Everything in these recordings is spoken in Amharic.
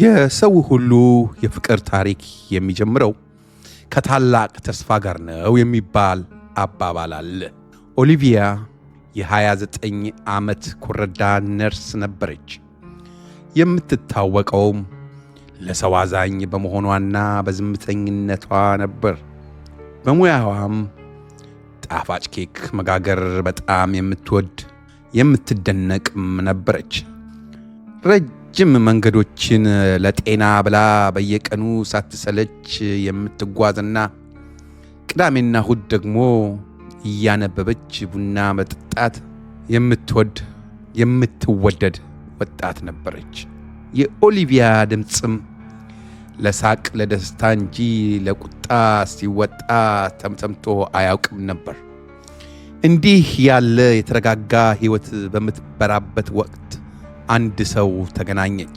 የሰው ሁሉ የፍቅር ታሪክ የሚጀምረው ከታላቅ ተስፋ ጋር ነው የሚባል አባባል አለ። ኦሊቪያ የ29 ዓመት ኮረዳ ነርስ ነበረች። የምትታወቀውም ለሰው አዛኝ በመሆኗና በዝምተኝነቷ ነበር። በሙያዋም ጣፋጭ ኬክ መጋገር በጣም የምትወድ የምትደነቅም ነበረች። ረጅም መንገዶችን ለጤና ብላ በየቀኑ ሳትሰለች የምትጓዝና ቅዳሜና እሁድ ደግሞ እያነበበች ቡና መጠጣት የምትወድ የምትወደድ ወጣት ነበረች። የኦሊቪያ ድምፅም ለሳቅ ለደስታ እንጂ ለቁጣ ሲወጣ ተምተምቶ አያውቅም ነበር። እንዲህ ያለ የተረጋጋ ሕይወት በምትበራበት ወቅት አንድ ሰው ተገናኘች።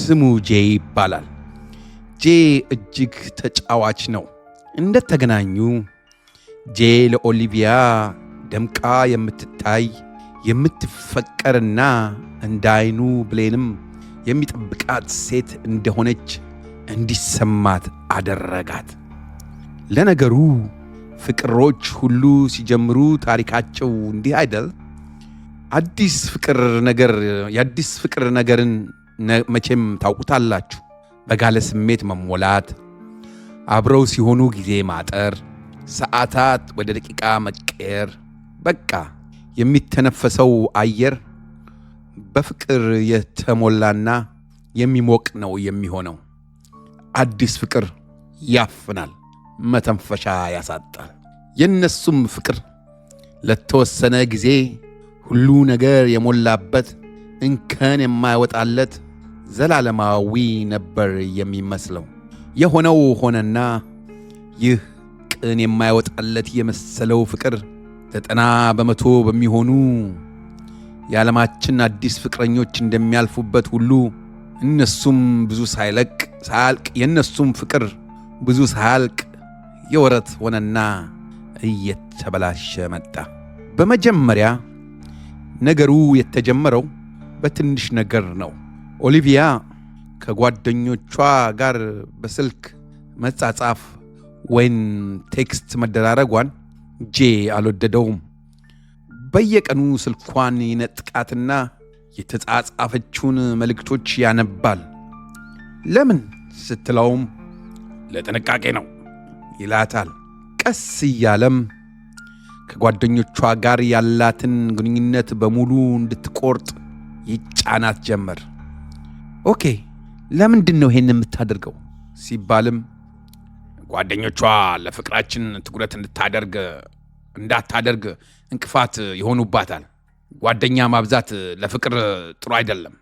ስሙ ጄ ይባላል። ጄ እጅግ ተጫዋች ነው። እንደተገናኙ ጄ ለኦሊቪያ ደምቃ የምትታይ የምትፈቀርና እንደ አይኑ ብሌንም የሚጠብቃት ሴት እንደሆነች እንዲሰማት አደረጋት። ለነገሩ ፍቅሮች ሁሉ ሲጀምሩ ታሪካቸው እንዲህ አይደል? አዲስ ፍቅር ነገር የአዲስ ፍቅር ነገርን መቼም ታውቁታላችሁ። በጋለ ስሜት መሞላት፣ አብረው ሲሆኑ ጊዜ ማጠር፣ ሰዓታት ወደ ደቂቃ መቀየር፣ በቃ የሚተነፈሰው አየር በፍቅር የተሞላና የሚሞቅ ነው የሚሆነው። አዲስ ፍቅር ያፍናል፣ መተንፈሻ ያሳጣል። የእነሱም ፍቅር ለተወሰነ ጊዜ ሁሉ ነገር የሞላበት እንከን የማይወጣለት ዘላለማዊ ነበር የሚመስለው። የሆነው ሆነና ይህ ቅን የማይወጣለት የመሰለው ፍቅር ዘጠና በመቶ በሚሆኑ የዓለማችን አዲስ ፍቅረኞች እንደሚያልፉበት ሁሉ እነሱም ብዙ ሳይለቅ ሳያልቅ የእነሱም ፍቅር ብዙ ሳያልቅ የወረት ሆነና እየተበላሸ መጣ። በመጀመሪያ ነገሩ የተጀመረው በትንሽ ነገር ነው። ኦሊቪያ ከጓደኞቿ ጋር በስልክ መጻጻፍ ወይም ቴክስት መደራረጓን ጄ አልወደደውም። በየቀኑ ስልኳን ይነጥቃትና የተጻጻፈችውን መልእክቶች ያነባል። ለምን ስትለውም ለጥንቃቄ ነው ይላታል። ቀስ እያለም ከጓደኞቿ ጋር ያላትን ግንኙነት በሙሉ እንድትቆርጥ ይጫናት ጀመር። ኦኬ ለምንድን ነው ይሄን የምታደርገው ሲባልም ጓደኞቿ ለፍቅራችን ትኩረት እንድታደርግ እንዳታደርግ እንቅፋት ይሆኑባታል። ጓደኛ ማብዛት ለፍቅር ጥሩ አይደለም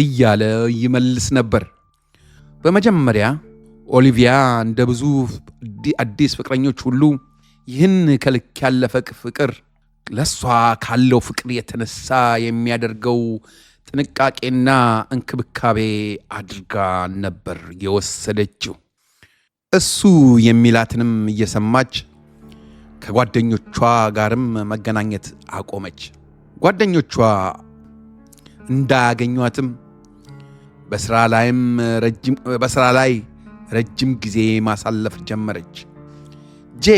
እያለ ይመልስ ነበር። በመጀመሪያ ኦሊቪያ እንደ ብዙ አዲስ ፍቅረኞች ሁሉ ይህን ከልክ ያለፈ ፍቅር ለእሷ ካለው ፍቅር የተነሳ የሚያደርገው ጥንቃቄና እንክብካቤ አድርጋ ነበር የወሰደችው። እሱ የሚላትንም እየሰማች ከጓደኞቿ ጋርም መገናኘት አቆመች። ጓደኞቿ እንዳያገኟትም በስራ ላይ ረጅም ጊዜ ማሳለፍ ጀመረች። ጄ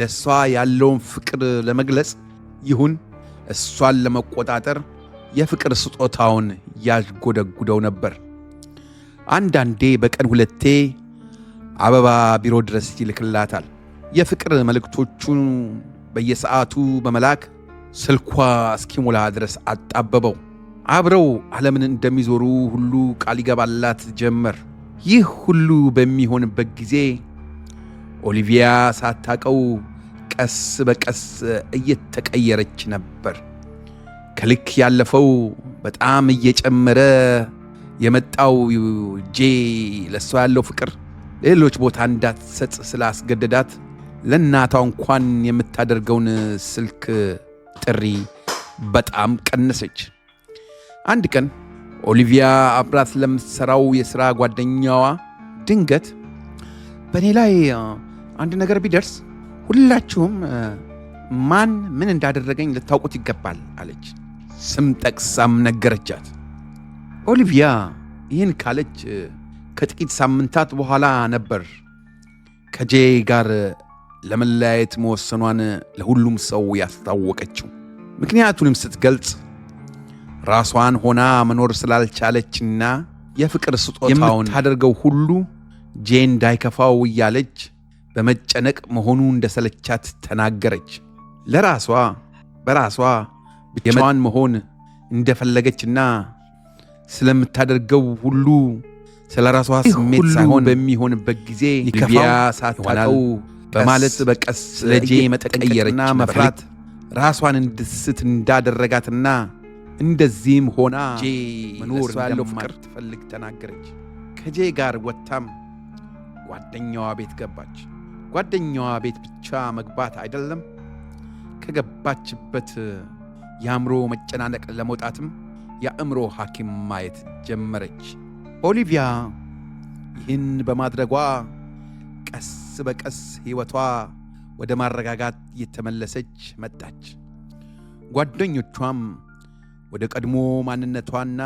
ለእሷ ያለውን ፍቅር ለመግለጽ ይሁን እሷን ለመቆጣጠር የፍቅር ስጦታውን ያጎደጉደው ነበር። አንዳንዴ በቀን ሁለቴ አበባ ቢሮ ድረስ ይልክላታል። የፍቅር መልእክቶቹን በየሰዓቱ በመላክ ስልኳ እስኪሞላ ድረስ አጣበበው። አብረው ዓለምን እንደሚዞሩ ሁሉ ቃል ይገባላት ጀመር። ይህ ሁሉ በሚሆንበት ጊዜ ኦሊቪያ ሳታቀው ቀስ በቀስ እየተቀየረች ነበር። ከልክ ያለፈው በጣም እየጨመረ የመጣው ጄ ለእሷ ያለው ፍቅር ሌሎች ቦታ እንዳትሰጥ ስላስገደዳት ለእናቷ እንኳን የምታደርገውን ስልክ ጥሪ በጣም ቀነሰች። አንድ ቀን ኦሊቪያ አብራት ለምትሠራው የሥራ ጓደኛዋ ድንገት በእኔ ላይ አንድ ነገር ቢደርስ ሁላችሁም ማን ምን እንዳደረገኝ ልታውቁት ይገባል አለች። ስም ጠቅሳም ነገረቻት። ኦሊቪያ ይህን ካለች ከጥቂት ሳምንታት በኋላ ነበር ከጄ ጋር ለመለያየት መወሰኗን ለሁሉም ሰው ያስታወቀችው። ምክንያቱንም ስትገልጽ ራሷን ሆና መኖር ስላልቻለችና የፍቅር ስጦታውን የምታደርገው ሁሉ ጄ እንዳይከፋው እያለች በመጨነቅ መሆኑ እንደሰለቻት ተናገረች። ለራሷ በራሷ ብቻዋን መሆን እንደፈለገችና ስለምታደርገው ሁሉ ስለ ራሷ ስሜት ሳይሆን በሚሆንበት ጊዜ ሊከፋ ሳታውቀው በማለት በቀስ ለጄ መጠቀየርና መፍራት ራሷን እንድስት እንዳደረጋትና እንደዚህም ሆና መኖር ያለው ፍቅር ትፈልግ ተናገረች። ከጄ ጋር ወጥታም ጓደኛዋ ቤት ገባች። ጓደኛዋ ቤት ብቻ መግባት አይደለም ከገባችበት የአእምሮ መጨናነቅ ለመውጣትም የአእምሮ ሐኪም ማየት ጀመረች። ኦሊቪያ ይህን በማድረጓ ቀስ በቀስ ሕይወቷ ወደ ማረጋጋት እየተመለሰች መጣች። ጓደኞቿም ወደ ቀድሞ ማንነቷና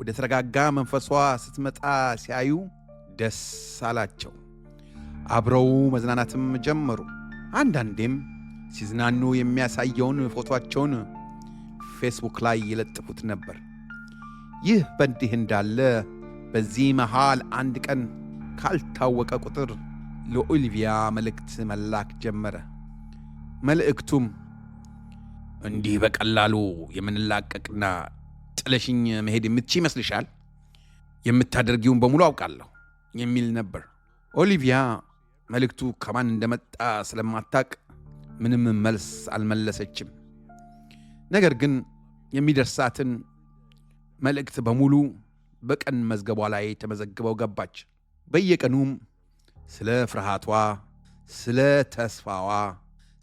ወደ ተረጋጋ መንፈሷ ስትመጣ ሲያዩ ደስ አላቸው። አብረው መዝናናትም ጀመሩ። አንዳንዴም ሲዝናኑ የሚያሳየውን ፎቶቸውን ፌስቡክ ላይ ይለጥፉት ነበር። ይህ በእንዲህ እንዳለ በዚህ መሃል አንድ ቀን ካልታወቀ ቁጥር ለኦሊቪያ መልእክት መላክ ጀመረ። መልእክቱም እንዲህ በቀላሉ የምንላቀቅና ጥለሽኝ መሄድ የምትች ይመስልሻል? የምታደርጊውን በሙሉ አውቃለሁ የሚል ነበር። ኦሊቪያ መልእክቱ ከማን እንደመጣ ስለማታቅ ምንም መልስ አልመለሰችም። ነገር ግን የሚደርሳትን መልእክት በሙሉ በቀን መዝገቧ ላይ ተመዘግበው ገባች። በየቀኑም ስለ ፍርሃቷ፣ ስለ ተስፋዋ፣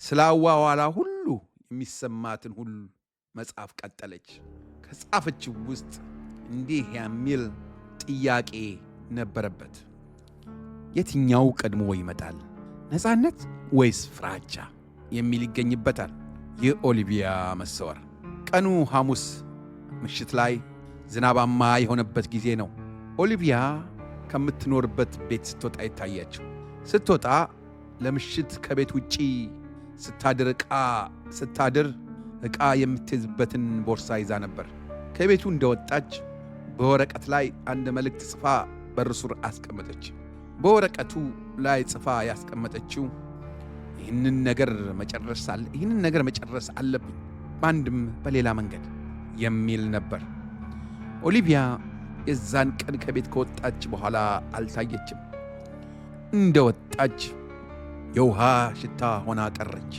ስለ አዋዋላ ሁሉ የሚሰማትን ሁሉ መጽሐፍ ቀጠለች። ከጻፈችው ውስጥ እንዲህ የሚል ጥያቄ ነበረበት። የትኛው ቀድሞ ይመጣል ነፃነት ወይስ ፍራቻ የሚል ይገኝበታል የኦሊቪያ መሰወር ቀኑ ሐሙስ ምሽት ላይ ዝናባማ የሆነበት ጊዜ ነው ኦሊቪያ ከምትኖርበት ቤት ስትወጣ ይታያችው። ስትወጣ ለምሽት ከቤት ውጪ ስታድር ዕቃ ስታድር ዕቃ የምትይዝበትን ቦርሳ ይዛ ነበር ከቤቱ እንደወጣች በወረቀት ላይ አንድ መልእክት ጽፋ በርሱር አስቀመጠች በወረቀቱ ላይ ጽፋ ያስቀመጠችው ይህንን ነገር መጨረስ አለ ይህንን ነገር መጨረስ አለብኝ በአንድም በሌላ መንገድ የሚል ነበር። ኦሊቪያ የዛን ቀን ከቤት ከወጣች በኋላ አልታየችም። እንደ ወጣች የውሃ ሽታ ሆና ቀረች።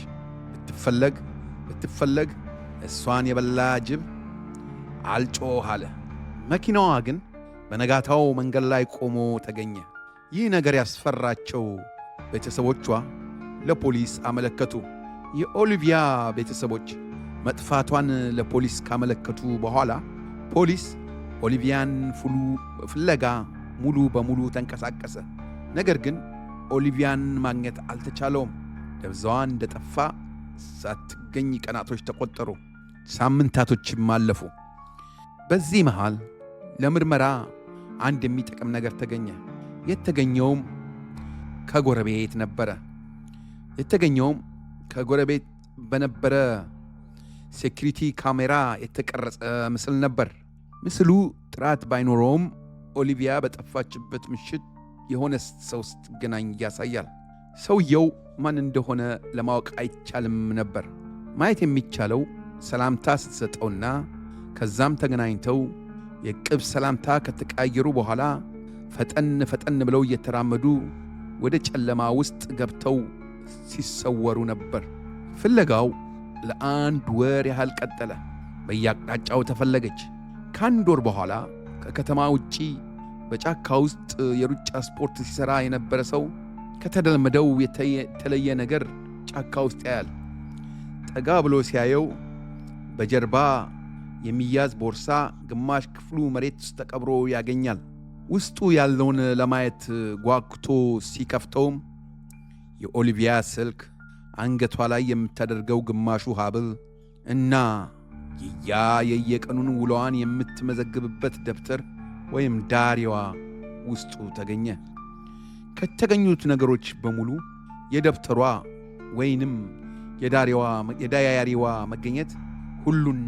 ብትፈለግ ብትፈለግ እሷን የበላ ጅብ አልጮህ አለ። መኪናዋ ግን በነጋታው መንገድ ላይ ቆሞ ተገኘ። ይህ ነገር ያስፈራቸው ቤተሰቦቿ ለፖሊስ አመለከቱ። የኦሊቪያ ቤተሰቦች መጥፋቷን ለፖሊስ ካመለከቱ በኋላ ፖሊስ ኦሊቪያን ፍለጋ ሙሉ በሙሉ ተንቀሳቀሰ። ነገር ግን ኦሊቪያን ማግኘት አልተቻለውም። ደብዛዋ እንደጠፋ ሳትገኝ ቀናቶች ተቆጠሩ፣ ሳምንታቶችም አለፉ። በዚህ መሃል ለምርመራ አንድ የሚጠቅም ነገር ተገኘ። የተገኘውም ከጎረቤት ነበረ። የተገኘውም ከጎረቤት በነበረ ሴኩሪቲ ካሜራ የተቀረጸ ምስል ነበር። ምስሉ ጥራት ባይኖረውም ኦሊቪያ በጠፋችበት ምሽት የሆነ ሰው ስትገናኝ ያሳያል። ሰውየው ማን እንደሆነ ለማወቅ አይቻልም ነበር። ማየት የሚቻለው ሰላምታ ስትሰጠውና ከዛም ተገናኝተው የቅብ ሰላምታ ከተቀያየሩ በኋላ ፈጠን ፈጠን ብለው እየተራመዱ ወደ ጨለማ ውስጥ ገብተው ሲሰወሩ ነበር። ፍለጋው ለአንድ ወር ያህል ቀጠለ። በየአቅጣጫው ተፈለገች። ከአንድ ወር በኋላ ከከተማ ውጪ በጫካ ውስጥ የሩጫ ስፖርት ሲሠራ የነበረ ሰው ከተለመደው የተለየ ነገር ጫካ ውስጥ ያያል። ጠጋ ብሎ ሲያየው በጀርባ የሚያዝ ቦርሳ ግማሽ ክፍሉ መሬት ውስጥ ተቀብሮ ያገኛል። ውስጡ ያለውን ለማየት ጓጉቶ ሲከፍተውም የኦሊቪያ ስልክ፣ አንገቷ ላይ የምታደርገው ግማሹ ሀብል እና ያ የየቀኑን ውሎዋን የምትመዘግብበት ደብተር ወይም ዳሪዋ ውስጡ ተገኘ። ከተገኙት ነገሮች በሙሉ የደብተሯ ወይንም የዳያሪዋ መገኘት ሁሉን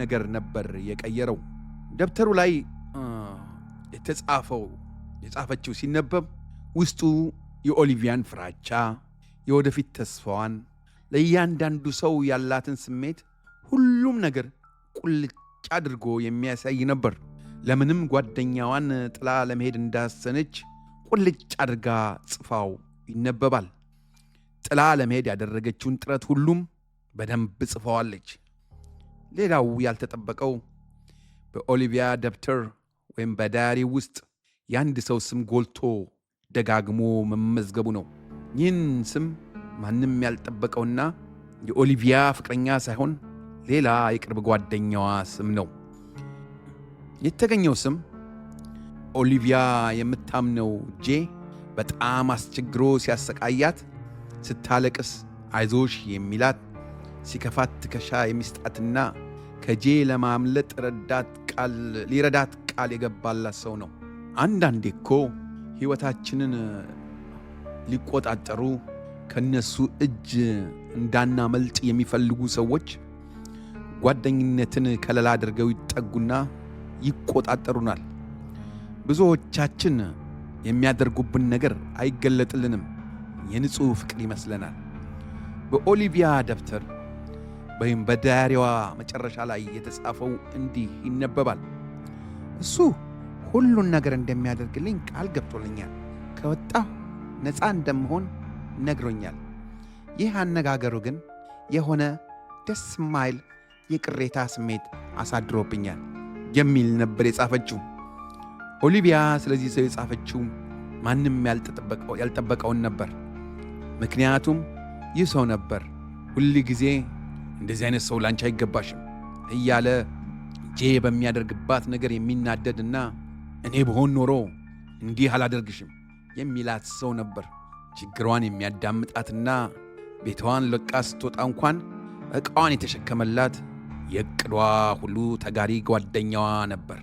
ነገር ነበር የቀየረው። ደብተሩ ላይ የተጻፈው የጻፈችው ሲነበብ ውስጡ የኦሊቪያን ፍራቻ፣ የወደፊት ተስፋዋን፣ ለእያንዳንዱ ሰው ያላትን ስሜት፣ ሁሉም ነገር ቁልጭ አድርጎ የሚያሳይ ነበር። ለምንም ጓደኛዋን ጥላ ለመሄድ እንዳሰነች ቁልጭ አድርጋ ጽፋው ይነበባል። ጥላ ለመሄድ ያደረገችውን ጥረት ሁሉም በደንብ ጽፈዋለች። ሌላው ያልተጠበቀው በኦሊቪያ ደብተር ወይም በዳያሪ ውስጥ የአንድ ሰው ስም ጎልቶ ደጋግሞ መመዝገቡ ነው። ይህን ስም ማንም ያልጠበቀውና የኦሊቪያ ፍቅረኛ ሳይሆን ሌላ የቅርብ ጓደኛዋ ስም ነው። የተገኘው ስም ኦሊቪያ የምታምነው ጄ በጣም አስቸግሮ ሲያሰቃያት፣ ስታለቅስ አይዞሽ የሚላት ሲከፋት ትከሻ የሚስጣትና ከጄ ለማምለጥ ረዳት ቃል ሊረዳት ቃል የገባላት ሰው ነው። አንዳንዴ እኮ ሕይወታችንን ሊቆጣጠሩ ከነሱ እጅ እንዳናመልጥ የሚፈልጉ ሰዎች ጓደኝነትን ከለላ አድርገው ይጠጉና ይቆጣጠሩናል። ብዙዎቻችን የሚያደርጉብን ነገር አይገለጥልንም፣ የንጹሕ ፍቅር ይመስለናል። በኦሊቪያ ደብተር ወይም በዳያሪዋ መጨረሻ ላይ የተጻፈው እንዲህ ይነበባል። እሱ ሁሉን ነገር እንደሚያደርግልኝ ቃል ገብቶልኛል። ከወጣሁ ነፃ እንደምሆን ነግሮኛል። ይህ አነጋገሩ ግን የሆነ ደስ ማይል የቅሬታ ስሜት አሳድሮብኛል የሚል ነበር የጻፈችው ኦሊቪያ። ስለዚህ ሰው የጻፈችው ማንም ያልጠበቀውን ነበር። ምክንያቱም ይህ ሰው ነበር ሁል ጊዜ እንደዚህ አይነት ሰው ላንቺ አይገባሽም እያለ እጄ በሚያደርግባት ነገር የሚናደድና እኔ ብሆን ኖሮ እንዲህ አላደርግሽም የሚላት ሰው ነበር። ችግሯን የሚያዳምጣትና ቤቷን ለቃ ስትወጣ እንኳን ዕቃዋን የተሸከመላት የቅሏ ሁሉ ተጋሪ ጓደኛዋ ነበር።